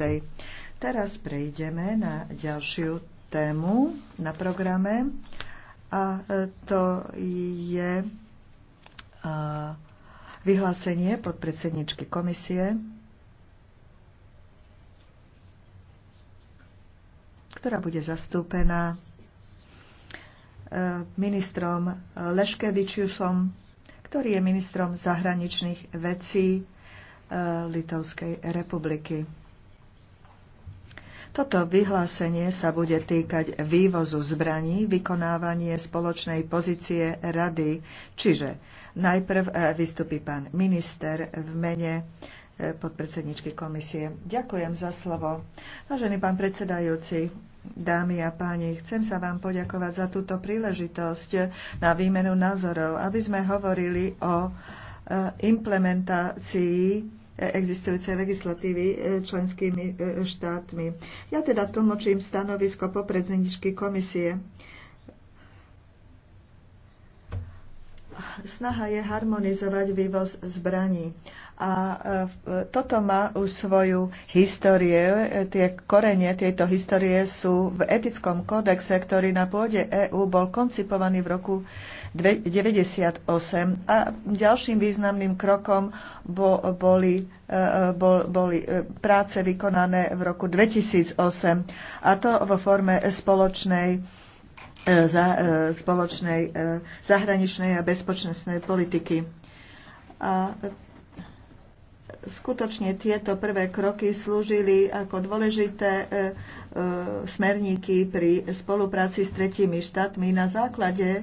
Svetej. Teraz prejdeme na ďalšiu tému na programe a to je vyhlásenie podpredsedničky komisie, ktorá bude zastúpená e, ministrom Leškevičiusom, ktorý je ministrom zahraničných vecí e, Litovskej republiky. Toto vyhlásenie sa bude týkať vývozu zbraní, vykonávanie spoločnej pozície rady. Čiže najprv e, vystupí pán minister v mene e, podpredsedničky komisie. Ďakujem za slovo. Vážený pán predsedajúci, Dámy a páni, chcem sa vám poďakovať za túto príležitosť na výmenu názorov, aby sme hovorili o e, implementácii existujúcej legislatívy e, členskými e, štátmi. Ja teda tlmočím stanovisko popredsedničky komisie. Snaha je harmonizovať vývoz zbraní. A e, toto má už svoju histórie. Tie korenie tejto histórie sú v etickom kódexe, ktorý na pôde EÚ bol koncipovaný v roku 98. A ďalším významným krokom boli, e, boli e, práce vykonané v roku 2008. A to vo forme spoločnej za, spoločnej zahraničnej a bezpočnostnej politiky. A skutočne tieto prvé kroky slúžili ako dôležité e, e, smerníky pri spolupráci s tretími štátmi na základe e,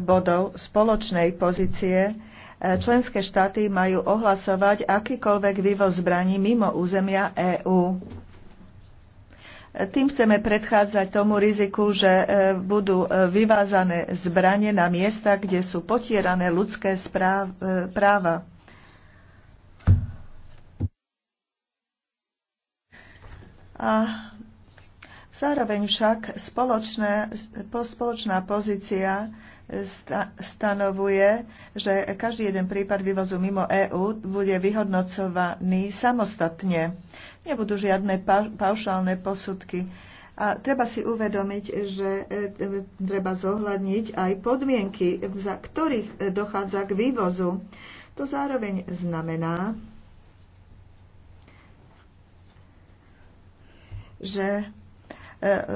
bodov spoločnej pozície. Členské štáty majú ohlasovať akýkoľvek vývoz zbraní mimo územia EÚ. Tým chceme predchádzať tomu riziku, že budú vyvázané zbranie na miesta, kde sú potierané ľudské správ, práva. A zároveň však spoločné, spoločná pozícia stanovuje, že každý jeden prípad vývozu mimo EÚ bude vyhodnocovaný samostatne. Nebudú žiadne paušálne posudky. A treba si uvedomiť, že e, e, treba zohľadniť aj podmienky, za ktorých dochádza k vývozu. To zároveň znamená, že e,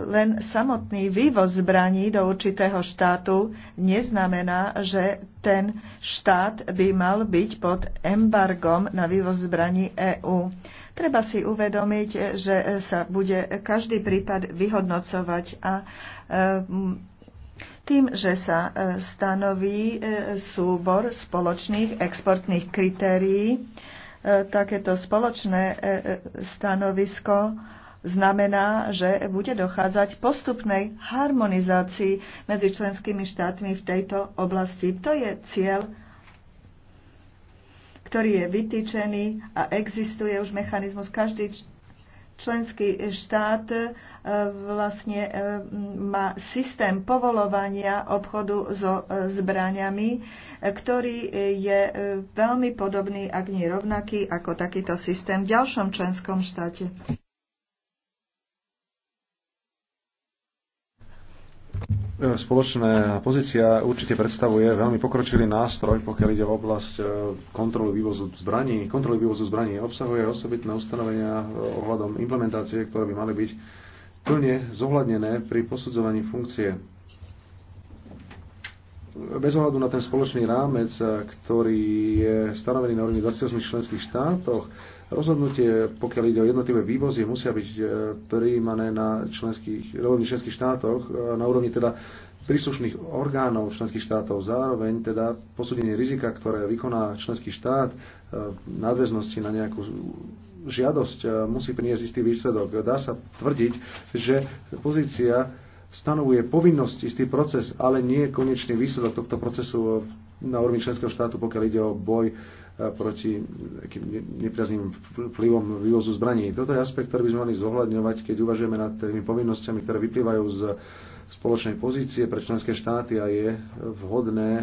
len samotný vývoz zbraní do určitého štátu neznamená, že ten štát by mal byť pod embargom na vývoz zbraní EÚ. Treba si uvedomiť, že sa bude každý prípad vyhodnocovať a e, tým, že sa e, stanoví súbor spoločných exportných kritérií, takéto spoločné stanovisko znamená, že bude dochádzať postupnej harmonizácii medzi členskými štátmi v tejto oblasti. To je cieľ ktorý je vytýčený a existuje už mechanizmus. Každý členský štát e, vlastne e, má systém povolovania obchodu so e, zbraniami, ktorý je veľmi podobný, ak nie rovnaký, ako takýto systém v ďalšom členskom štáte. spoločná pozícia určite predstavuje veľmi pokročilý nástroj, pokiaľ ide o oblasť e, kontroly vývozu zbraní. Kontroly vývozu zbraní obsahuje osobitné ustanovenia e, ohľadom implementácie, ktoré by mali byť plne zohľadnené pri posudzovaní funkcie. Bez ohľadu na ten spoločný rámec, e, ktorý je stanovený na úrovni 28 členských štátoch, Rozhodnutie, pokiaľ ide o jednotlivé vývozy, musia byť e, prijímané na členských, členských štátoch, e, na úrovni teda príslušných orgánov členských štátov. Zároveň teda posúdenie rizika, ktoré vykoná členský štát e, nadväznosti na nejakú žiadosť musí priniesť istý výsledok. Dá sa tvrdiť, že pozícia stanovuje povinnosť, istý proces, ale nie konečný výsledok tohto procesu na úrovni členského štátu, pokiaľ ide o boj proti nepriazným vplyvom vývozu zbraní. Toto je aspekt, ktorý by sme mali zohľadňovať, keď uvažujeme nad tými povinnosťami, ktoré vyplývajú z spoločnej pozície pre členské štáty a je vhodné e,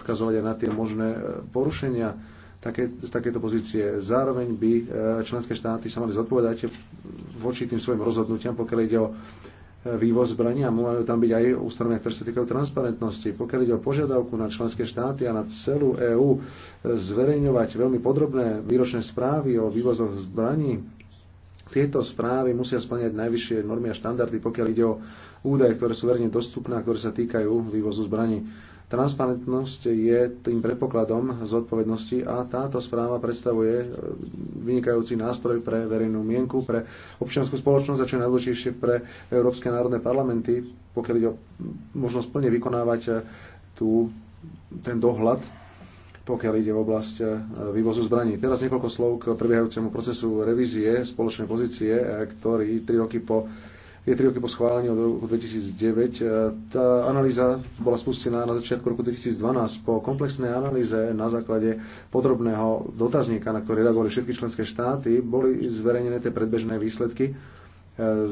odkazovať aj na tie možné e, porušenia také, takéto pozície. Zároveň by e, členské štáty sa mali zodpovedať voči tým svojim rozhodnutiam, pokiaľ ide o vývoz zbraní a môžu tam byť aj ustanovenia, ktoré sa týkajú transparentnosti. Pokiaľ ide o požiadavku na členské štáty a na celú EÚ zverejňovať veľmi podrobné výročné správy o vývozoch zbraní, tieto správy musia splňať najvyššie normy a štandardy, pokiaľ ide o údaje, ktoré sú verejne dostupné a ktoré sa týkajú vývozu zbraní. Transparentnosť je tým predpokladom zodpovednosti a táto správa predstavuje e, vynikajúci nástroj pre verejnú mienku, pre občianskú spoločnosť a čo najdôležitejšie pre európske národné parlamenty, pokiaľ ide o možnosť plne vykonávať e, tú, ten dohľad pokiaľ ide v oblasť e, vývozu zbraní. Teraz niekoľko slov k prebiehajúcemu procesu revízie spoločnej pozície, ktorý tri roky po je 3 roky po schválení od roku 2009. E, tá analýza bola spustená na začiatku roku 2012 po komplexnej analýze na základe podrobného dotazníka, na ktorý reagovali všetky členské štáty, boli zverejnené tie predbežné výsledky e,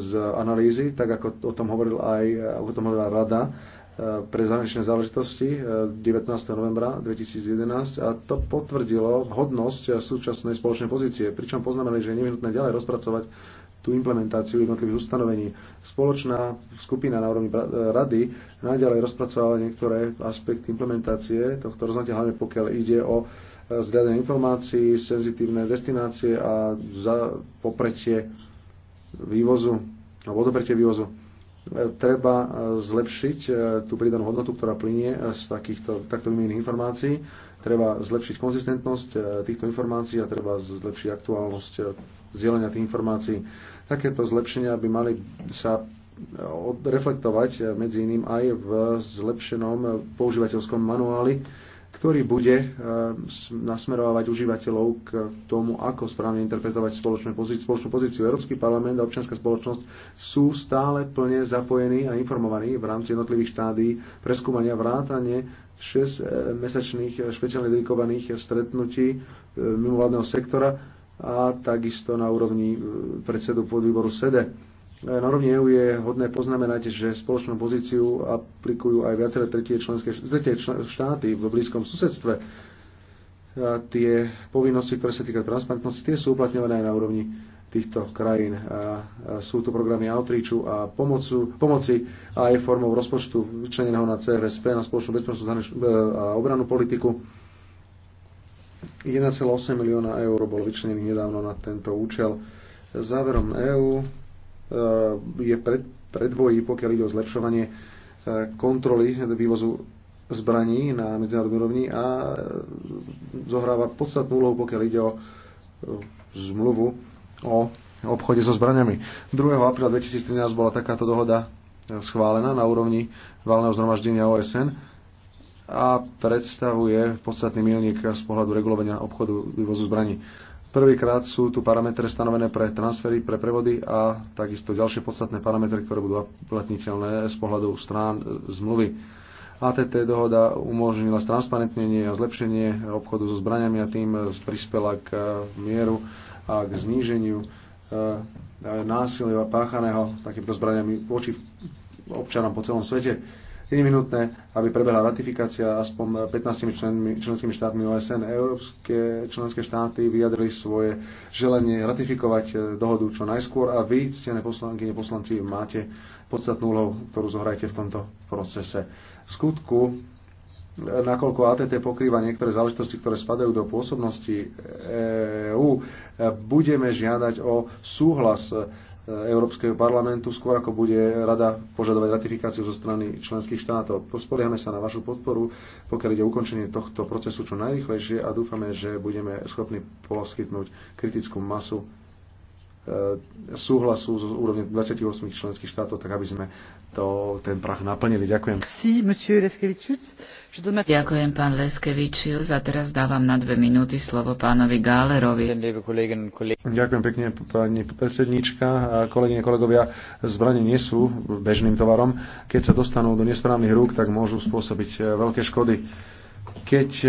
z analýzy, tak ako o tom, hovoril aj, o tom hovorila Rada e, pre zahraničné záležitosti 19. novembra 2011 a to potvrdilo hodnosť súčasnej spoločnej pozície, pričom poznamenali, že je nevyhnutné ďalej rozpracovať tú implementáciu jednotlivých ustanovení. Spoločná skupina na úrovni e, rady naďalej rozpracovala niektoré aspekty implementácie tohto rozhodnutia, hlavne pokiaľ ide o e, zriadenie informácií, senzitívne destinácie a za popretie vývozu alebo odopretie vývozu. E, treba zlepšiť tú pridanú hodnotu, ktorá plinie z takýchto takto vymenených informácií. Treba zlepšiť konzistentnosť týchto informácií a treba zlepšiť aktuálnosť zdieľania tých informácií. Takéto zlepšenia by mali sa reflektovať medzi iným aj v zlepšenom používateľskom manuáli, ktorý bude eh, nasmerovať užívateľov k tomu, ako správne interpretovať spoločnú pozíciu. Spoločnú pozíciu. Európsky parlament a občianská spoločnosť sú stále plne zapojení a informovaní v rámci jednotlivých štádií preskúmania vrátane 6-mesačných eh, eh, špeciálne dedikovaných stretnutí mimovládneho sektora a takisto na úrovni e, predsedu podvýboru SEDE. E. E, na úrovni EU je hodné poznamenať, že spoločnú pozíciu aplikujú aj viaceré tretie, členské, tretie štáty v blízkom susedstve. A tie povinnosti, ktoré sa týkajú transparentnosti, tie sú uplatňované aj na úrovni týchto krajín. A sú tu programy outreachu a pomocu, pomoci aj formou rozpočtu vyčleneného na CRSP, na spoločnú bezpečnosť a obranú politiku 1,8 milióna eur bol vyčlenených nedávno na tento účel. Záverom EÚ e, je pred, predvojí, pokiaľ ide o zlepšovanie e, kontroly vývozu zbraní na medzinárodnej úrovni a e, zohráva podstatnú úlohu, pokiaľ ide o zmluvu o obchode so zbraniami. 2. apríla 2013 bola takáto dohoda schválená na úrovni valného zhromaždenia OSN a predstavuje podstatný milník z pohľadu regulovania obchodu vývozu zbraní. Prvýkrát sú tu parametre stanovené pre transfery, pre prevody a takisto ďalšie podstatné parametre, ktoré budú uplatniteľné z pohľadu strán e, zmluvy. ATT dohoda umožnila stransparentnenie a zlepšenie obchodu so zbraniami a tým prispela k e, mieru a k zníženiu e, násilia páchaného takýmto zbraniami voči občanom po celom svete je nevyhnutné, aby prebehla ratifikácia aspoň 15 členmi, členskými štátmi OSN. Európske členské štáty vyjadrili svoje želenie ratifikovať eh, dohodu čo najskôr a vy, ctené poslanky poslanci, máte podstatnú úlohu, ktorú zohrajte v tomto procese. V skutku eh, nakoľko ATT pokrýva niektoré záležitosti, ktoré spadajú do pôsobnosti EÚ, eh, e budeme žiadať o súhlas Eh, Európskeho parlamentu, skôr ako bude rada požadovať ratifikáciu zo strany členských štátov. Spoliehame sa na vašu podporu, pokiaľ ide ukončenie tohto procesu čo najrychlejšie a dúfame, že budeme schopní poskytnúť kritickú masu E, súhlasu z úrovne 28 členských štátov, tak aby sme to, ten prach naplnili. Ďakujem. Ďakujem, pán Leskevičius. A teraz dávam na dve minúty slovo pánovi Gálerovi. Ďakujem pekne, pani predsedníčka. Kolegyne, kolegovia, zbranie nie sú bežným tovarom. Keď sa dostanú do nesprávnych rúk, tak môžu spôsobiť e, veľké škody keď e,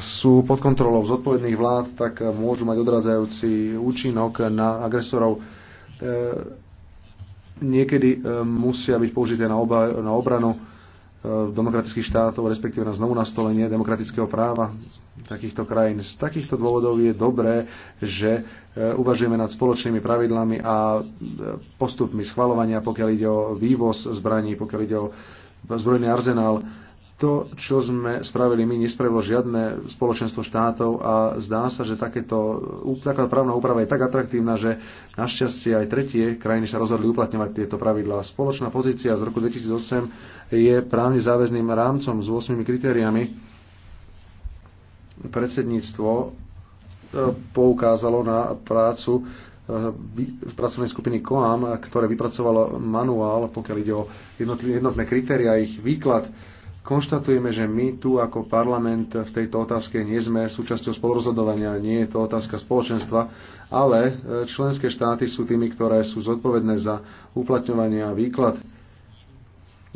sú pod kontrolou zodpovedných vlád, tak e, môžu mať odrazajúci účinok na agresorov. E, niekedy musia byť použité na, oba, na obranu demokratických štátov, respektíve na znovu nastolenie demokratického práva takýchto krajín. Z takýchto dôvodov je dobré, že uvažujeme nad spoločnými pravidlami a postupmi schvalovania, pokiaľ ide o vývoz zbraní, pokiaľ ide o zbrojný arzenál to, čo sme spravili my, nespravilo žiadne spoločenstvo štátov a zdá sa, že takéto, taká právna úprava je tak atraktívna, že našťastie aj tretie krajiny sa rozhodli uplatňovať tieto pravidlá. Spoločná pozícia z roku 2008 je právne záväzným rámcom s 8 kritériami. Predsedníctvo e, poukázalo na prácu v e, pracovnej skupiny COAM, ktoré vypracovalo manuál, pokiaľ ide o jednotné kritéria, ich výklad konštatujeme, že my tu ako parlament v tejto otázke nie sme súčasťou spolurozhodovania, nie je to otázka spoločenstva, ale e, členské štáty sú tými, ktoré sú zodpovedné za uplatňovanie a výklad e,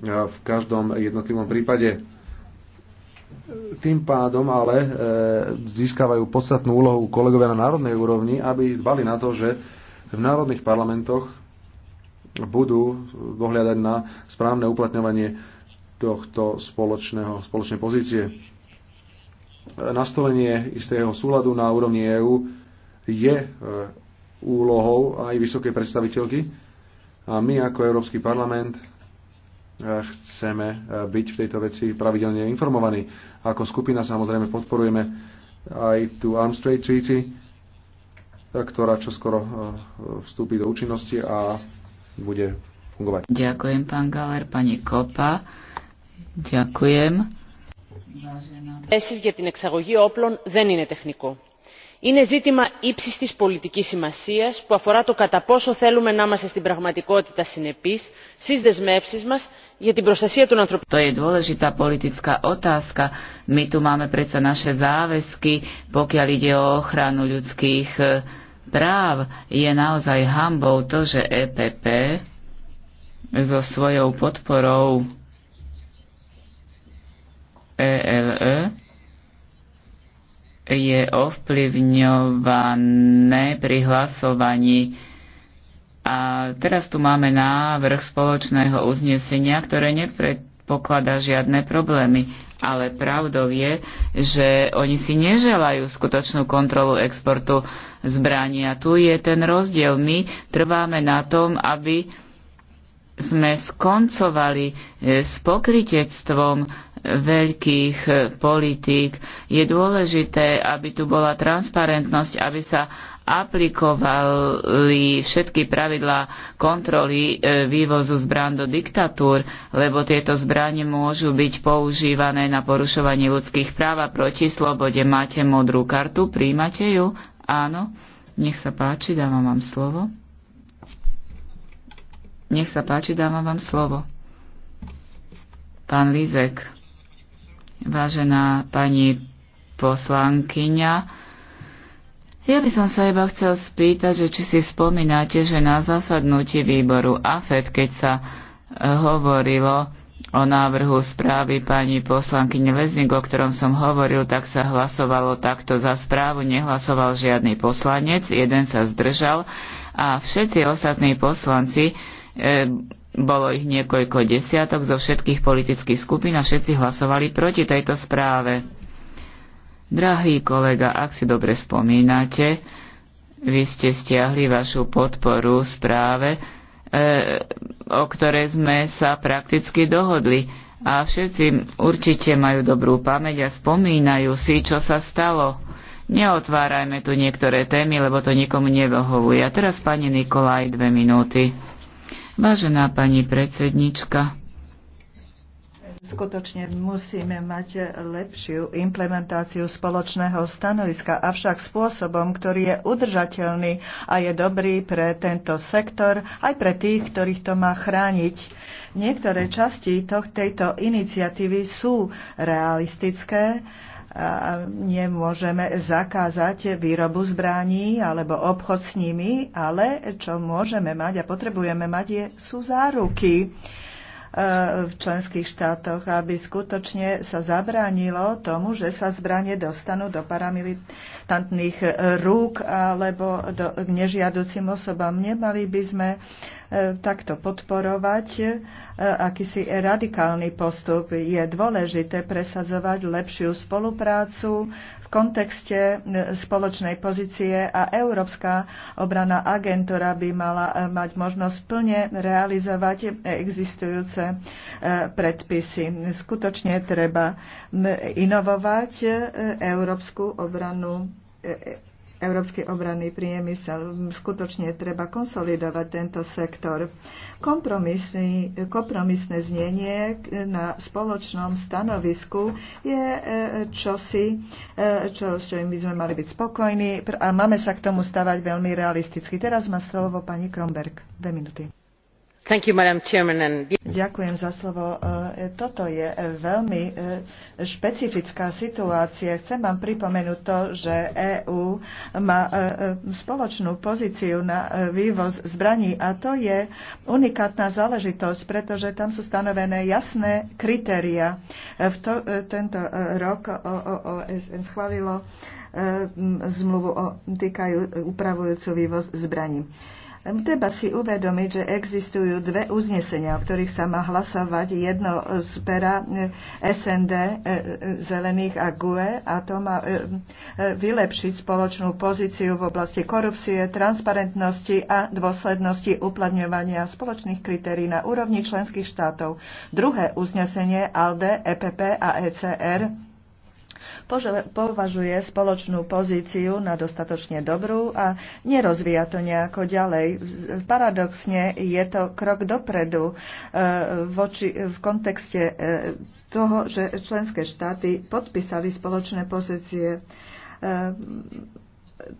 v každom jednotlivom prípade. Tým pádom ale e, získavajú podstatnú úlohu kolegovia na národnej úrovni, aby dbali na to, že v národných parlamentoch budú dohľadať na správne uplatňovanie tohto spoločného, spoločnej pozície. Nastolenie istého súladu na úrovni EÚ je e, úlohou aj vysokej predstaviteľky a my ako Európsky parlament e, chceme e, byť v tejto veci pravidelne informovaní. Ako skupina samozrejme podporujeme aj tú Arms Trade Treaty, ktorá čoskoro vstúpi do účinnosti a bude fungovať. Ďakujem, pán Galer, pani Kopa. Ďakujem. Θέσεις για την εξαγωγή όπλων δεν είναι τεχνικό. Είναι ζήτημα ύψης της πολιτικής σημασίας που αφορά το κατά πόσο θέλουμε να είμαστε στην πραγματικότητα συνεπείς στις δεσμεύσεις μας για την προστασία των ανθρωπίνων. To je dôležitá politická otázka. My tu máme predsa naše záväzky, pokiaľ ide o ochranu ľudských práv. Je naozaj hambou to, že EPP so svojou podporou ELE e je ovplyvňované pri hlasovaní. A teraz tu máme návrh spoločného uznesenia, ktoré nepredpokladá žiadne problémy. Ale pravdou je, že oni si neželajú skutočnú kontrolu exportu zbrania. Tu je ten rozdiel. My trváme na tom, aby sme skoncovali s pokritectvom veľkých eh, politík. Je dôležité, aby tu bola transparentnosť, aby sa aplikovali všetky pravidlá kontroly eh, vývozu zbran do diktatúr, lebo tieto zbranie môžu byť používané na porušovanie ľudských práv a proti slobode. Máte modrú kartu, príjmate ju? Áno. Nech sa páči, dávam vám slovo. Nech sa páči, dávam vám slovo. Pán Lízek. Vážená pani poslankyňa, ja by som sa iba chcel spýtať, že či si spomínate, že na zasadnutí výboru AFED, keď sa e, hovorilo o návrhu správy pani poslankyne Lezning, o ktorom som hovoril, tak sa hlasovalo takto za správu, nehlasoval žiadny poslanec, jeden sa zdržal a všetci ostatní poslanci e, bolo ich niekoľko desiatok zo všetkých politických skupín a všetci hlasovali proti tejto správe. Drahý kolega, ak si dobre spomínate, vy ste stiahli vašu podporu správe, e, o ktorej sme sa prakticky dohodli. A všetci určite majú dobrú pamäť a spomínajú si, čo sa stalo. Neotvárajme tu niektoré témy, lebo to nikomu nevyhovuje. A teraz pani Nikolaj dve minúty. Vážená pani predsednička, skutočne musíme mať lepšiu implementáciu spoločného stanoviska, avšak spôsobom, ktorý je udržateľný a je dobrý pre tento sektor, aj pre tých, ktorých to má chrániť. Niektoré časti tejto iniciatívy sú realistické, nemôžeme zakázať výrobu zbraní alebo obchod s nimi, ale čo môžeme mať a potrebujeme mať je, sú záruky e, v členských štátoch, aby skutočne sa zabránilo tomu, že sa zbranie dostanú do paramilitantných rúk alebo do, k nežiaducim osobám. Nemali by sme E, takto podporovať e, akýsi radikálny postup. Je dôležité presadzovať lepšiu spoluprácu v kontekste e, spoločnej pozície a Európska obrana agentúra by mala mať možnosť plne realizovať existujúce predpisy. Skutočne treba inovovať európsku obranu európsky obranný priemysel. Skutočne treba konsolidovať tento sektor. kompromisné znenie na spoločnom stanovisku je e, čosi, e, čo, s čím by sme mali byť spokojní a máme sa k tomu stavať veľmi realisticky. Teraz má slovo pani Kromberg. Dve minúty. Thank you, Madam Chairman. And... Ďakujem za slovo. E, toto je veľmi e, špecifická situácia. Chcem vám pripomenúť to, že EÚ má e, spoločnú pozíciu na vývoz zbraní a to je unikátna záležitosť, pretože tam sú stanovené jasné kritéria. V to, tento rok OSN schválilo zmluvu o týkajú upravujúcu vývoz zbraní. Treba si uvedomiť, že existujú dve uznesenia, o ktorých sa má hlasovať. Jedno z pera e, SND, e, e, Zelených a GUE a to má vylepšiť spoločnú pozíciu v oblasti korupcie, transparentnosti a dôslednosti uplatňovania spoločných kritérií na úrovni členských štátov. Druhé uznesenie ALDE, EPP a ECR považuje spoločnú pozíciu na dostatočne dobrú a nerozvíja to nejako ďalej. Paradoxne je to krok dopredu e, voči, v kontexte e, toho, že členské štáty podpísali spoločné pozície e,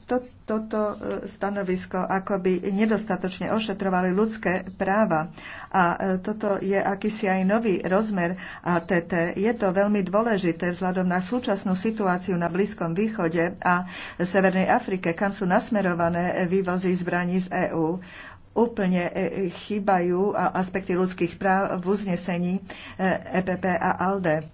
to, toto e, stanovisko akoby nedostatočne ošetrovali ľudské práva. A e, toto je akýsi aj nový rozmer ATT. Je to veľmi dôležité vzhľadom na súčasnú situáciu na Blízkom východe a Severnej Afrike, kam sú nasmerované vývozy zbraní z EÚ úplne e, chýbajú aspekty ľudských práv v uznesení EPP a ALDE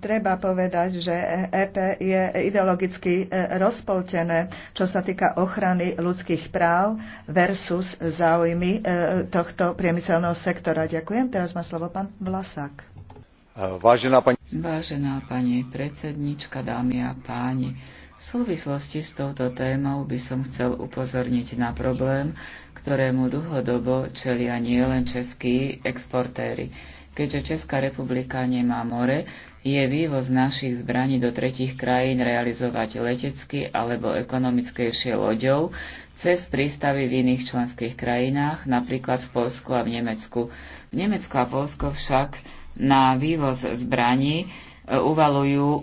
Treba povedať, že EP je ideologicky e, rozpoltené, čo sa týka ochrany ľudských práv versus záujmy e, tohto priemyselného sektora. Ďakujem. Teraz má slovo pán Vlasák. Vážená pani... Vážená pani predsednička, dámy a páni, v súvislosti s touto témou by som chcel upozorniť na problém, ktorému dlhodobo čelia nielen českí exportéry. Keďže Česká republika nemá more, je vývoz našich zbraní do tretich krajín realizovať letecky alebo ekonomickejšie loďou cez prístavy v iných členských krajinách, napríklad v Polsku a v Nemecku. V Nemecku a Polsko však na vývoz zbraní e, uvalujú e,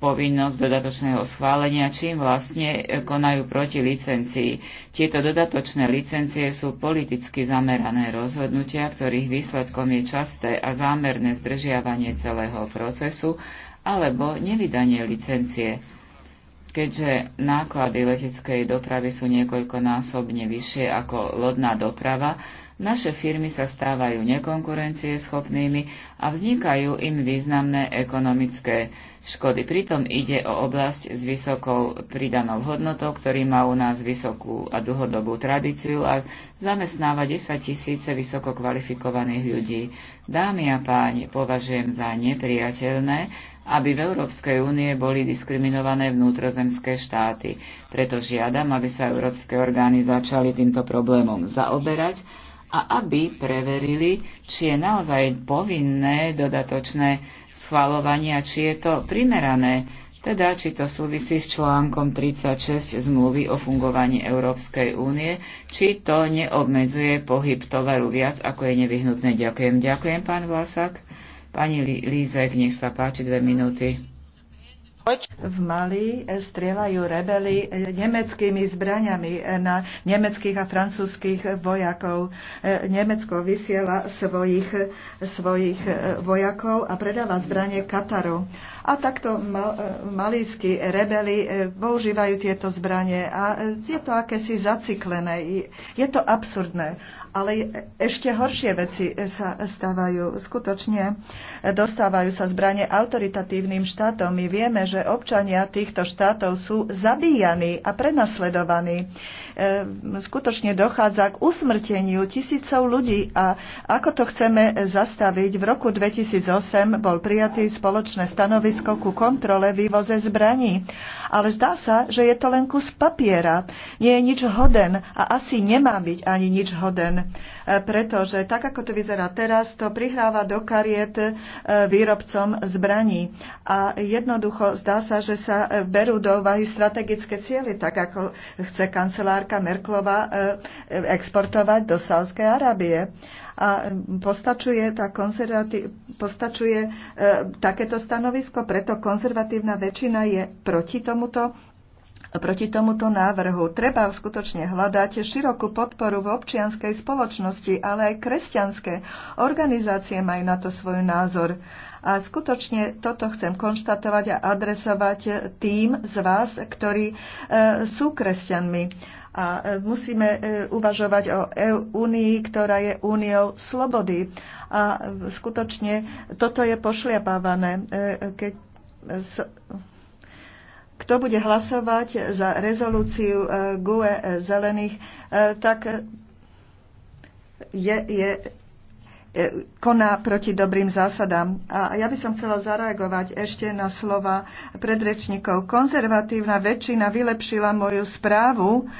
povinnosť dodatočného schválenia, čím vlastne e, konajú proti licencii. Tieto dodatočné licencie sú politicky zamerané rozhodnutia, ktorých výsledkom je časté a zámerné zdržiavanie celého procesu alebo nevydanie licencie. Keďže náklady leteckej dopravy sú niekoľkonásobne vyššie ako lodná doprava, naše firmy sa stávajú nekonkurencieschopnými a vznikajú im významné ekonomické škody. Pritom ide o oblasť s vysokou pridanou hodnotou, ktorý má u nás vysokú a dlhodobú tradíciu a zamestnáva 10 tisíce vysoko kvalifikovaných ľudí. Dámy a páni, považujem za nepriateľné, aby v Európskej únie boli diskriminované vnútrozemské štáty. Preto žiadam, aby sa európske orgány začali týmto problémom zaoberať a aby preverili, či je naozaj povinné dodatočné schvalovanie a či je to primerané, teda či to súvisí s článkom 36 zmluvy o fungovaní Európskej únie, či to neobmedzuje pohyb tovaru viac, ako je nevyhnutné. Ďakujem. Ďakujem, pán Vlasák. Pani Lízek, nech sa páči dve minúty. V Mali strieľajú rebeli nemeckými zbraňami na nemeckých a francúzských vojakov. Nemecko vysiela svojich, svojich eh, vojakov a predáva zbranie Kataru. A takto eh, malískí rebeli eh, používajú tieto zbranie a je to akési zaciklené. Je to absurdné ale ešte horšie veci sa stávajú. Skutočne e, dostávajú sa zbranie autoritatívnym štátom. My vieme, že občania týchto štátov sú zabíjani a prenasledovaní. E, skutočne dochádza k usmrteniu tisícov ľudí a ako to chceme zastaviť? V roku 2008 bol prijatý spoločné stanovisko ku kontrole vývoze zbraní. Ale zdá sa, že je to len kus papiera. Nie je nič hoden a asi nemá byť ani nič hoden pretože tak, ako to vyzerá teraz, to prihráva do kariet e, výrobcom zbraní. A jednoducho zdá sa, že sa e, berú do úvahy strategické cieľy, tak ako chce kancelárka Merklova e, exportovať do Sávskej Arábie a postačuje, tá postačuje e, takéto stanovisko, preto konzervatívna väčšina je proti tomuto proti tomuto návrhu. Treba skutočne hľadať širokú podporu v občianskej spoločnosti, ale aj kresťanské organizácie majú na to svoj názor. A skutočne toto chcem konštatovať a adresovať tým z vás, ktorí e, sú kresťanmi a e, musíme e, uvažovať o únii, ktorá je úniou slobody. A skutočne toto je pošliapávané, keď kto bude hlasovať za rezolúciu GUE e, e, zelených, e, tak je, je, koná proti dobrým zásadám. A ja by som chcela zareagovať ešte na slova predrečníkov. Konzervatívna väčšina vylepšila moju správu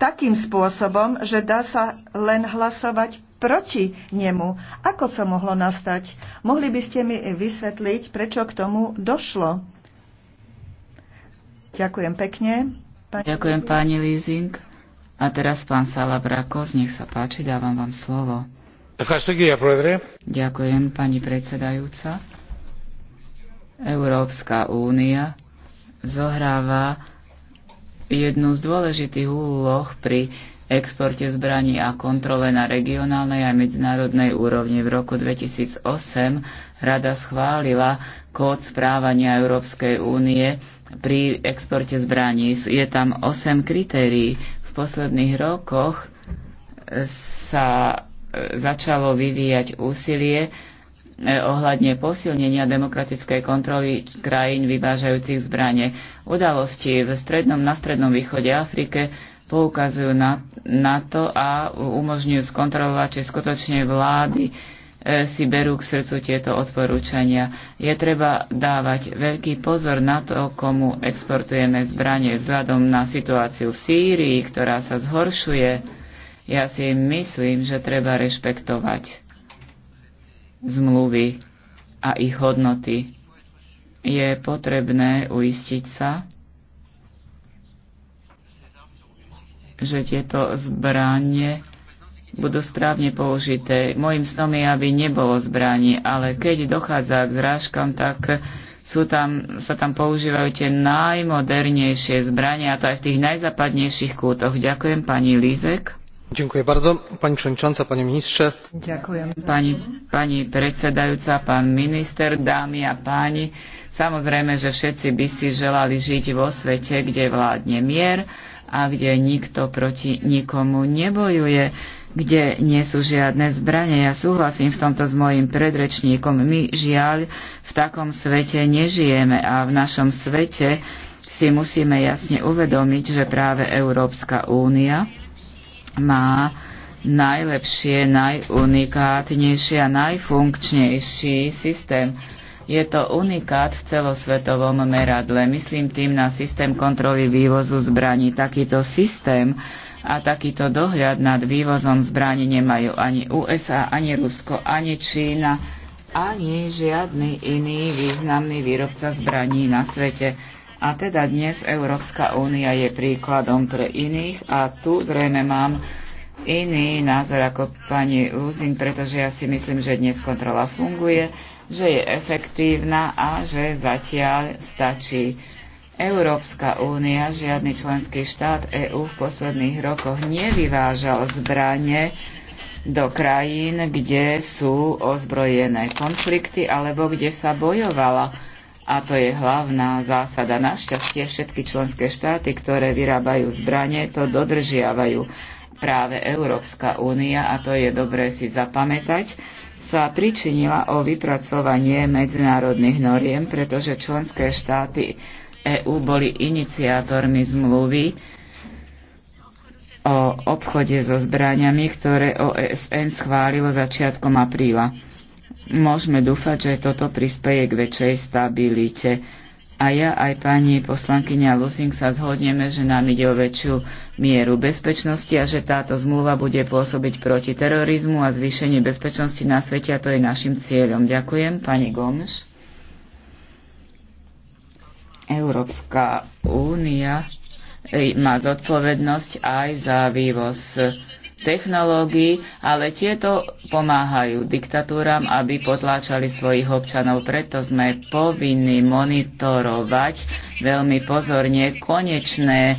takým spôsobom, že dá sa len hlasovať proti nemu. Ako to mohlo nastať? Mohli by ste mi vysvetliť, prečo k tomu došlo? Ďakujem pekne. Pani Ďakujem Lizing. pani Lízing. A teraz pán Sala Brakos, nech sa páči, dávam vám slovo. Ďakujem, pani predsedajúca. Európska únia zohráva jednu z dôležitých úloh pri exporte zbraní a kontrole na regionálnej a medzinárodnej úrovni v roku 2008 rada schválila kód správania Európskej únie pri exporte zbraní. Je tam 8 kritérií. V posledných rokoch sa e, začalo vyvíjať úsilie e, ohľadne posilnenia demokratickej kontroly krajín vyvážajúcich zbranie. Udalosti v strednom, na strednom východe Afrike poukazujú na, na to a umožňujú skontrolovať, či skutočne vlády E, si berú k srdcu tieto odporúčania. Je treba dávať veľký pozor na to, komu exportujeme zbranie vzhľadom na situáciu v Sýrii, ktorá sa zhoršuje. Ja si myslím, že treba rešpektovať zmluvy a ich hodnoty. Je potrebné uistiť sa, že tieto zbranie budú správne použité. Mojím snom je, aby nebolo zbraní, ale keď dochádza k zrážkam, tak sú tam, sa tam používajú tie najmodernejšie zbranie, a to aj v tých najzapadnejších kútoch. Ďakujem pani Lízek. Ďakujem bardzo. Pani przewodnicząca, panie ministrze. Ďakujem. Pani, pani predsedajúca, pán minister, dámy a páni. Samozrejme, že všetci by si želali žiť vo svete, kde vládne mier a kde nikto proti nikomu nebojuje kde nie sú žiadne zbranie. Ja súhlasím v tomto s mojim predrečníkom. My žiaľ v takom svete nežijeme a v našom svete si musíme jasne uvedomiť, že práve Európska únia má najlepšie, najunikátnejšie a najfunkčnejší systém. Je to unikát v celosvetovom meradle. Myslím tým na systém kontroly vývozu zbraní. Takýto systém a takýto dohľad nad vývozom zbraní nemajú ani USA, ani Rusko, ani Čína, ani žiadny iný významný výrobca zbraní na svete. A teda dnes Európska únia je príkladom pre iných a tu zrejme mám iný názor ako pani Luzin, pretože ja si myslím, že dnes kontrola funguje, že je efektívna a že zatiaľ stačí. Európska únia, žiadny členský štát EÚ v posledných rokoch nevyvážal zbranie do krajín, kde sú ozbrojené konflikty alebo kde sa bojovala. A to je hlavná zásada. Našťastie všetky členské štáty, ktoré vyrábajú zbranie, to dodržiavajú práve Európska únia, a to je dobré si zapamätať, sa pričinila o vypracovanie medzinárodných noriem, pretože členské štáty EÚ boli iniciátormi zmluvy o obchode so zbraniami, ktoré OSN schválilo začiatkom apríla. Môžeme dúfať, že toto prispieje k väčšej stabilite. A ja aj pani poslankyňa Lusing sa zhodneme, že nám ide o väčšiu mieru bezpečnosti a že táto zmluva bude pôsobiť proti terorizmu a zvýšenie bezpečnosti na svete a to je našim cieľom. Ďakujem, pani Gomes. Európska únia e, má zodpovednosť aj za vývoz technológií, ale tieto pomáhajú diktatúram, aby potláčali svojich občanov. Preto sme povinni monitorovať veľmi pozorne konečné e,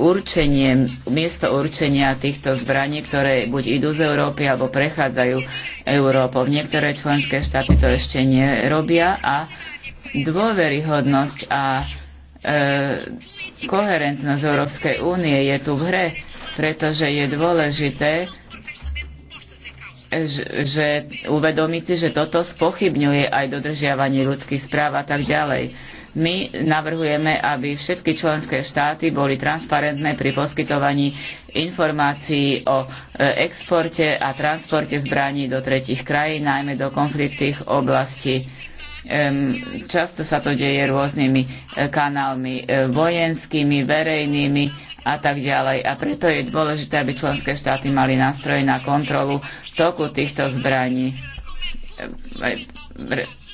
určenie, miesto určenia týchto zbraní, ktoré buď idú z Európy alebo prechádzajú Európou. Niektoré členské štáty to ešte nerobia a dôveryhodnosť a e, koherentnosť Európskej únie je tu v hre, pretože je dôležité, e, že, že uvedomiť si, že toto spochybňuje aj dodržiavanie ľudských správ a tak ďalej. My navrhujeme, aby všetky členské štáty boli transparentné pri poskytovaní informácií o e, exporte a transporte zbraní do tretich krajín, najmä do konfliktných oblastí Často sa to deje rôznymi e, kanálmi e, vojenskými, verejnými a tak ďalej. A preto je dôležité, aby členské štáty mali nástroje na kontrolu toku týchto zbraní. E,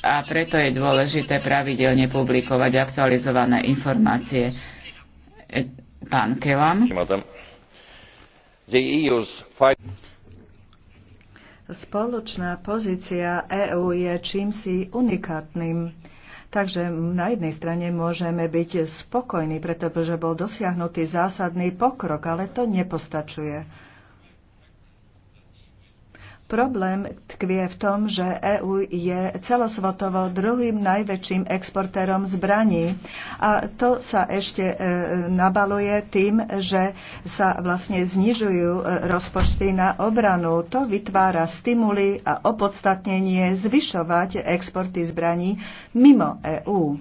a preto je dôležité pravidelne publikovať aktualizované informácie. Pán Kelam spoločná pozícia EÚ je čímsi unikátnym. Takže na jednej strane môžeme byť spokojní, pretože bol dosiahnutý zásadný pokrok, ale to nepostačuje Problém tkvie v tom, že EÚ je celosvetovo druhým najväčším exportérom zbraní a to sa ešte e, nabaluje tým, že sa vlastne znižujú e, rozpočty na obranu. To vytvára stimuly a opodstatnenie zvyšovať exporty zbraní mimo EÚ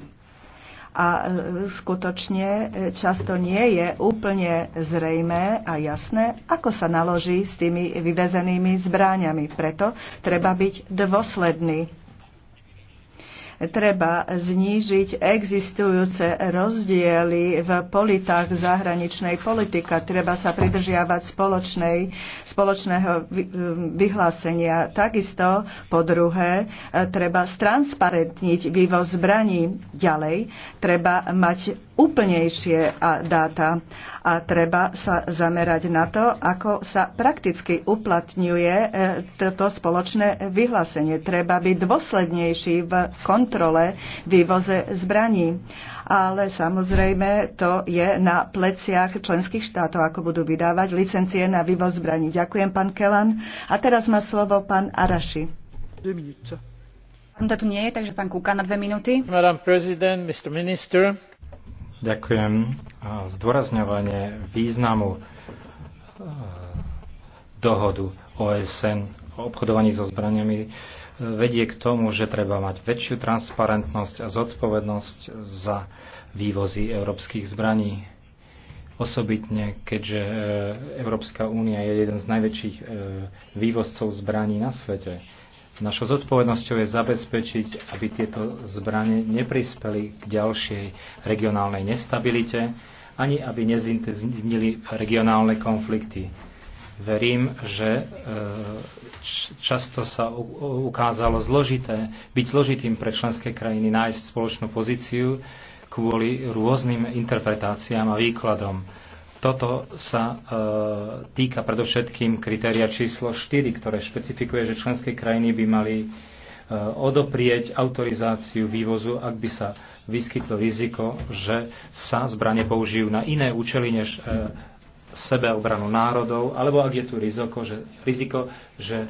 a e, skutočne e, často nie je úplne zrejmé a jasné, ako sa naloží s tými vyvezenými zbráňami. Preto treba byť dôsledný Treba znížiť existujúce rozdiely v politách zahraničnej politika. Treba sa pridržiavať spoločnej, spoločného e, vyhlásenia. Takisto, po druhé, e, treba stransparentniť vývoz zbraní. Ďalej, treba mať úplnejšie dáta a treba sa zamerať na to, ako sa prakticky uplatňuje e, toto spoločné vyhlásenie. Treba byť dôslednejší v kontrole vývoze zbraní. Ale samozrejme to je na pleciach členských štátov, ako budú vydávať licencie na vývoz zbraní. Ďakujem, pán Kelan. A teraz má slovo pán Araši. Pán tu nie je, takže pán Kuka na dve minúty. Madam President, Mr. Minister, Ďakujem. Zdôrazňovanie významu e, dohodu OSN o obchodovaní so zbraniami e, vedie k tomu, že treba mať väčšiu transparentnosť a zodpovednosť za vývozy európskych zbraní. Osobitne, keďže e, Európska únia je jeden z najväčších vývozcov zbraní na svete. Našou zodpovednosťou je zabezpečiť, aby tieto zbranie neprispeli k ďalšej regionálnej nestabilite, ani aby nezintenzívnili regionálne konflikty. Verím, že e, často sa ukázalo zložité, byť zložitým pre členské krajiny nájsť spoločnú pozíciu kvôli rôznym interpretáciám a výkladom toto sa e, týka predovšetkým kritéria číslo 4, ktoré špecifikuje, že členské krajiny by mali e, odoprieť autorizáciu vývozu, ak by sa vyskytlo riziko, že sa zbranie použijú na iné účely než e, sebeobranu národov, alebo ak je tu riziko, že, riziko, že e,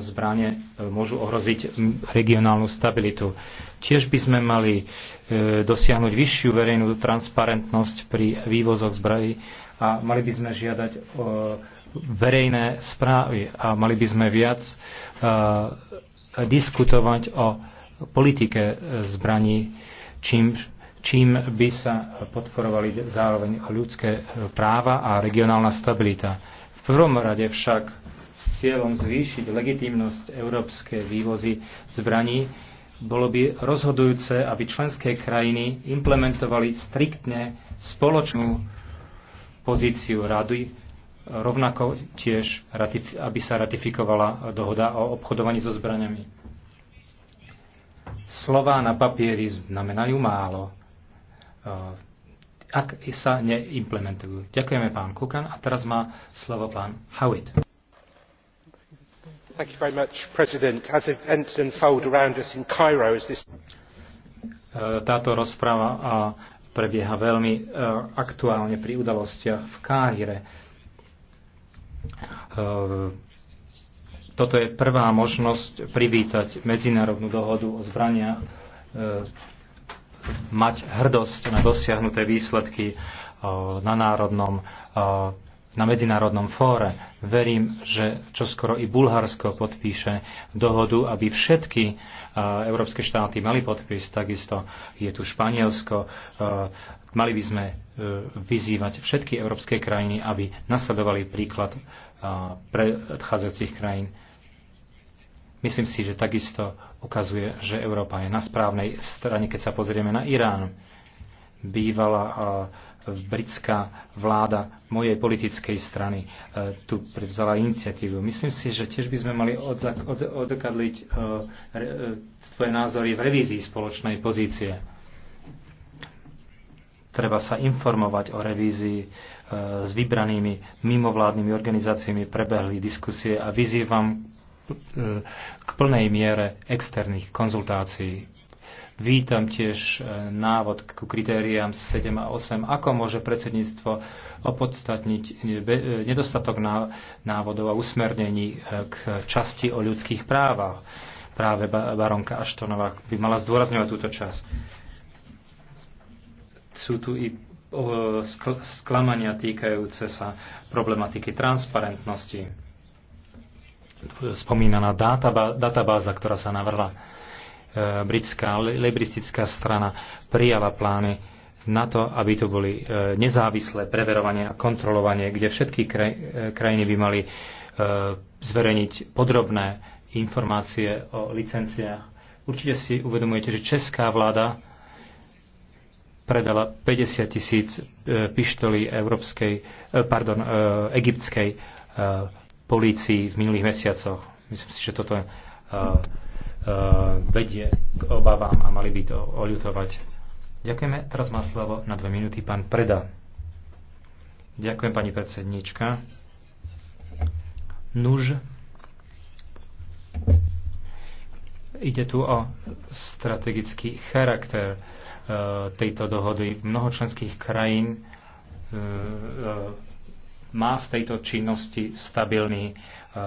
zbranie e, môžu ohroziť regionálnu stabilitu. Tiež by sme mali e, dosiahnuť vyššiu verejnú transparentnosť pri vývozoch zbraní a mali by sme žiadať e, verejné správy a mali by sme viac e, diskutovať o politike zbraní, čím, čím by sa podporovali zároveň ľudské práva a regionálna stabilita. V prvom rade však s cieľom zvýšiť legitímnosť európskej vývozy zbraní bolo by rozhodujúce, aby členské krajiny implementovali striktne spoločnú pozíciu rady, rovnako tiež, aby sa ratifikovala dohoda o obchodovaní so zbraniami. Slová na papieri znamenajú málo, e, ak sa neimplementujú. Ďakujeme pán Kukan a teraz má slovo pán Howitt. Thank you very much, President. As events unfold around us in Cairo, as this... E, táto rozpráva a prebieha veľmi e, aktuálne pri udalostiach v Káhire. E, toto je prvá možnosť privítať medzinárodnú dohodu o zbraniach, e, mať hrdosť na dosiahnuté výsledky na národnom na medzinárodnom fóre. Verím, že čoskoro i Bulharsko podpíše dohodu, aby všetky e, európske štáty mali podpis. Takisto je tu Španielsko. E, mali by sme e, vyzývať všetky európske krajiny, aby nasledovali príklad predchádzajúcich krajín. Myslím si, že takisto ukazuje, že Európa je na správnej strane, keď sa pozrieme na Irán. bývala britská vláda mojej politickej strany e, tu prevzala iniciatívu. Myslím si, že tiež by sme mali odkadliť e, e, svoje názory v revízii spoločnej pozície. Treba sa informovať o revízii s vybranými mimovládnymi organizáciami prebehli diskusie a vyzývam k plnej miere externých konzultácií Vítam tiež e, návod ku kritériám 7 a 8, ako môže predsedníctvo opodstatniť e, nedostatok návodov a usmernení e, k časti o ľudských právach. Práve baronka Aštonová by mala zdôrazňovať túto časť. Sú tu i sklamania týkajúce sa problematiky transparentnosti. Spomínaná databáza, ktorá sa navrhla britská lebristická strana prijala plány na to, aby to boli e, nezávislé preverovanie a kontrolovanie, kde všetky e, krajiny by mali e, zverejniť podrobné informácie o licenciách. Určite si uvedomujete, že česká vláda predala 50 tisíc pištolí európskej, pardon, egyptskej polícii v minulých mesiacoch. Myslím si, že toto je Eh, vedie k obavám a mali by to oľutovať. Ďakujeme. Teraz má slovo na dve minúty pán Preda. Ďakujem, pani predsednička. Nuž. Ide tu o strategický charakter eh, tejto dohody. Mnoho členských krajín eh, má z tejto činnosti stabilný E,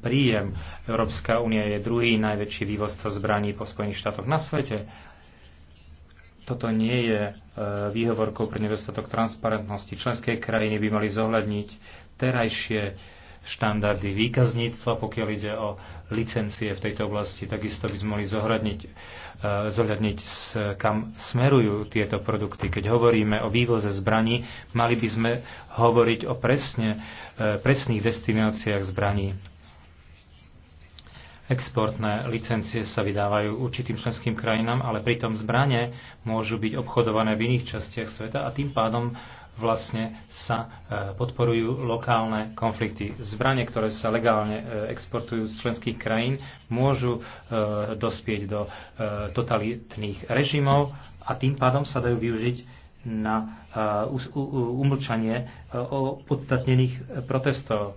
príjem. Európska únia je druhý najväčší vývozca zbraní po Spojených štátoch na svete. Toto nie je e, výhovorkou pre nedostatok transparentnosti. Členské krajiny by mali zohľadniť terajšie štandardy výkazníctva, pokiaľ ide o licencie v tejto oblasti. Takisto by sme mohli zohľadniť, e, zohľadniť kam smerujú tieto produkty. Keď hovoríme o vývoze zbraní, mali by sme hovoriť o presne, e, presných destináciách zbraní. Exportné licencie sa vydávajú určitým členským krajinám, ale pritom zbranie môžu byť obchodované v iných častiach sveta a tým pádom vlastne sa e, podporujú lokálne konflikty. Zbranie, ktoré sa legálne e, exportujú z členských krajín, môžu e, dospieť do totalitných režimov a tým pádom sa dajú využiť na umlčanie o podstatnených protestov.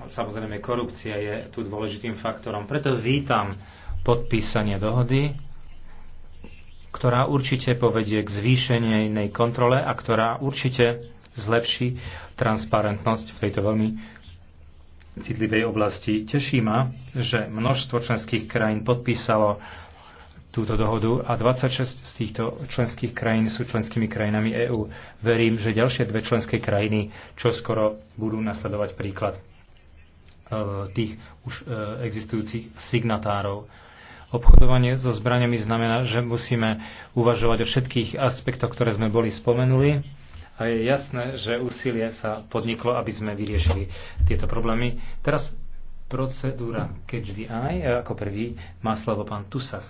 Samozrejme, korupcia je tu dôležitým faktorom. Preto vítam podpísanie dohody ktorá určite povedie k zvýšenej kontrole a ktorá určite zlepší transparentnosť v tejto veľmi citlivej oblasti. Teší ma, že množstvo členských krajín podpísalo túto dohodu a 26 z týchto členských krajín sú členskými krajinami EÚ. Verím, že ďalšie dve členské krajiny čoskoro budú nasledovať príklad e, tých už e, existujúcich signatárov Obchodovanie so zbraniami znamená, že musíme uvažovať o všetkých aspektoch, ktoré sme boli spomenuli. A je jasné, že úsilie sa podniklo, aby sme vyriešili tieto problémy. Teraz procedúra Catch the Eye. Ako prvý má slovo pán Tusas.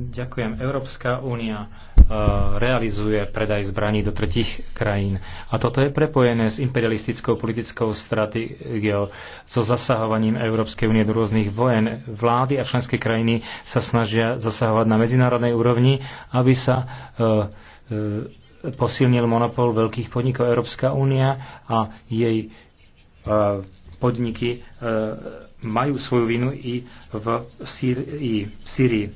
Ďakujem. Európska únia E, realizuje predaj zbraní do tretich krajín. A toto je prepojené s imperialistickou politickou stratégiou, so zasahovaním Európskej únie do rôznych vojen. Vlády a členské krajiny sa snažia zasahovať na medzinárodnej úrovni, aby sa e, e, posilnil monopol veľkých podnikov Európska únia a jej podniky majú svoju vinu i v Sýrii.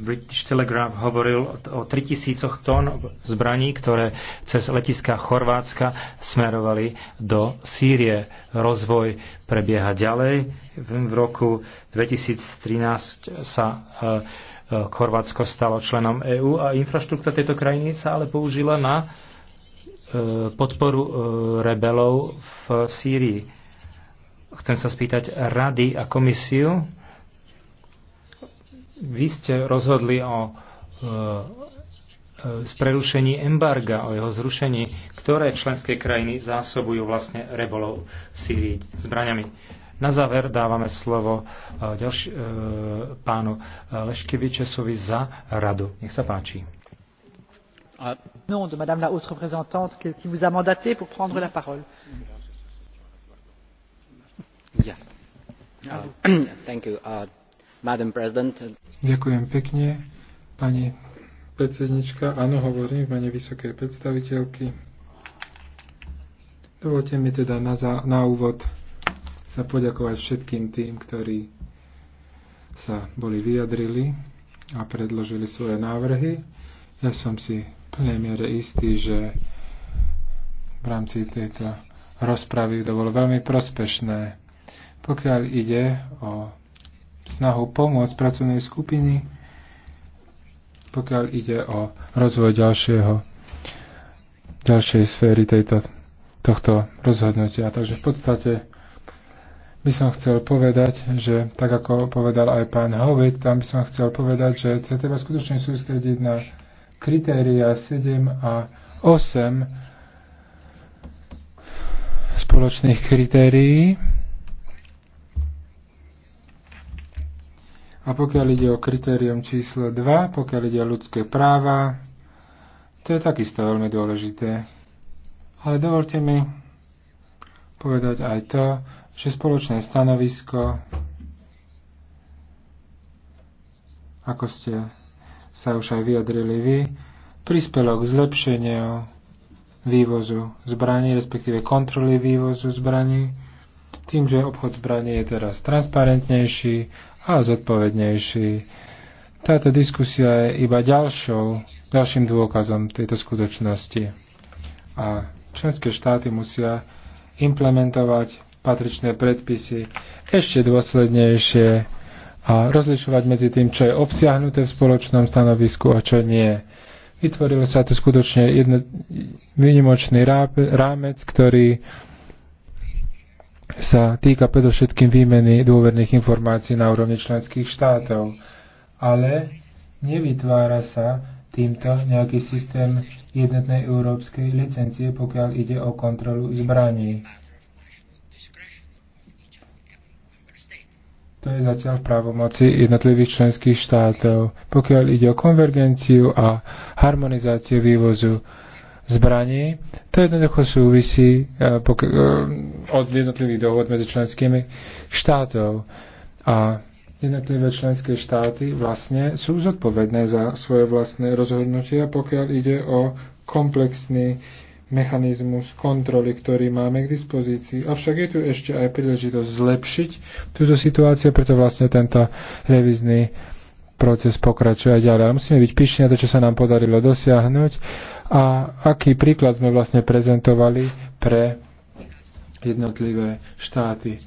British Telegraph hovoril o 3000 tón zbraní, ktoré cez letiska Chorvátska smerovali do Sýrie. Rozvoj prebieha ďalej. V roku 2013 sa e, e, Chorvátsko stalo členom EÚ a infraštruktúra tejto krajiny sa ale použila na e, podporu rebelov v Sýrii. Chcem sa spýtať rady a komisiu, vy ste rozhodli o e, e prerušení embarga, o jeho zrušení, ktoré členské krajiny zásobujú vlastne rebolov v Syrii zbraňami. Na záver dávame slovo e, ďalši, e, pánu Leškevičesovi za radu. Nech sa páči. Nom de Madame la Haute Représentante qui vous a mandaté pour prendre la parole. Yeah. Uh, thank you, uh, Madam President. Ďakujem pekne, pani predsednička. Áno, hovorím v mene vysokej predstaviteľky. Dovolte mi teda na, za, na úvod sa poďakovať všetkým tým, ktorí sa boli vyjadrili a predložili svoje návrhy. Ja som si v plnej miere istý, že v rámci tejto rozpravy to bolo veľmi prospešné. Pokiaľ ide o snahu pomôcť pracovnej skupiny, pokiaľ ide o rozvoj ďalšieho, ďalšej sféry tejto, tohto rozhodnutia. Takže v podstate by som chcel povedať, že tak ako povedal aj pán Hovit, tam by som chcel povedať, že sa treba skutočne sústrediť na kritéria 7 a 8 spoločných kritérií, A pokiaľ ide o kritérium číslo 2, pokiaľ ide o ľudské práva, to je takisto veľmi dôležité. Ale dovolte mi povedať aj to, že spoločné stanovisko, ako ste sa už aj vyjadrili vy, prispelo k zlepšeniu vývozu zbraní, respektíve kontroly vývozu zbraní tým, že obchod zbraní je teraz transparentnejší a zodpovednejší. Táto diskusia je iba ďalšou, ďalším dôkazom tejto skutočnosti. A členské štáty musia implementovať patričné predpisy ešte dôslednejšie a rozlišovať medzi tým, čo je obsiahnuté v spoločnom stanovisku a čo nie. Vytvoril sa tu skutočne jedno, výnimočný rámec, ktorý sa týka predovšetkým výmeny dôverných informácií na úrovni členských štátov, ale nevytvára sa týmto nejaký systém jednotnej európskej licencie, pokiaľ ide o kontrolu zbraní. To je zatiaľ v právomoci jednotlivých členských štátov. Pokiaľ ide o konvergenciu a harmonizáciu vývozu, zbraní. To jednoducho súvisí e, e, od jednotlivých dohod medzi členskými štátov. A jednotlivé členské štáty vlastne sú zodpovedné za svoje vlastné rozhodnutia, pokiaľ ide o komplexný mechanizmus kontroly, ktorý máme k dispozícii. Avšak je tu ešte aj príležitosť zlepšiť túto situáciu, preto vlastne tento revizný proces pokračuje ďalej. Ale musíme byť pyšní na to, čo sa nám podarilo dosiahnuť a aký príklad sme vlastne prezentovali pre jednotlivé štáty.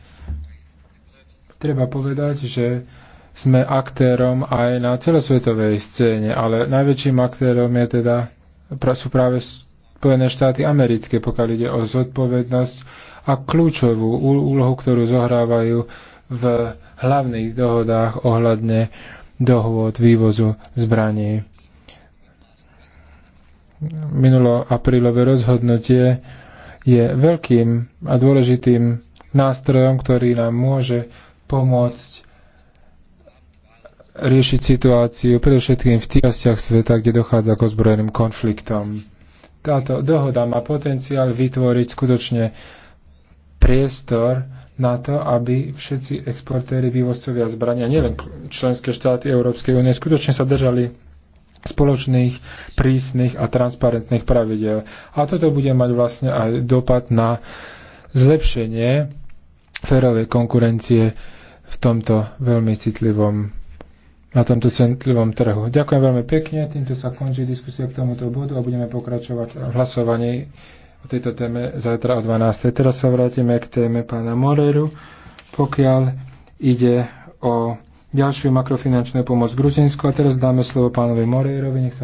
Treba povedať, že sme aktérom aj na celosvetovej scéne, ale najväčším aktérom je teda, sú práve Spojené štáty americké, pokiaľ ide o zodpovednosť a kľúčovú úlohu, ktorú zohrávajú v hlavných dohodách ohľadne dohôd vývozu zbraní minulo aprílové rozhodnutie je veľkým a dôležitým nástrojom, ktorý nám môže pomôcť riešiť situáciu predovšetkým v tých častiach sveta, kde dochádza k ozbrojeným konfliktom. Táto dohoda má potenciál vytvoriť skutočne priestor na to, aby všetci exportéry, vývozcovia zbrania, nielen členské štáty Európskej únie, skutočne sa držali spoločných, prísnych a transparentných pravidel. A toto bude mať vlastne aj dopad na zlepšenie férovej konkurencie v tomto veľmi citlivom na tomto citlivom trhu. Ďakujem veľmi pekne, týmto sa končí diskusia k tomuto bodu a budeme pokračovať v hlasovaní o tejto téme zajtra o 12. Teraz sa vrátime k téme pána Moreru, pokiaľ ide o ďalšiu makrofinančnú pomoc Gruzinsku. A teraz dáme slovo pánovi Moreirovi. Nech sa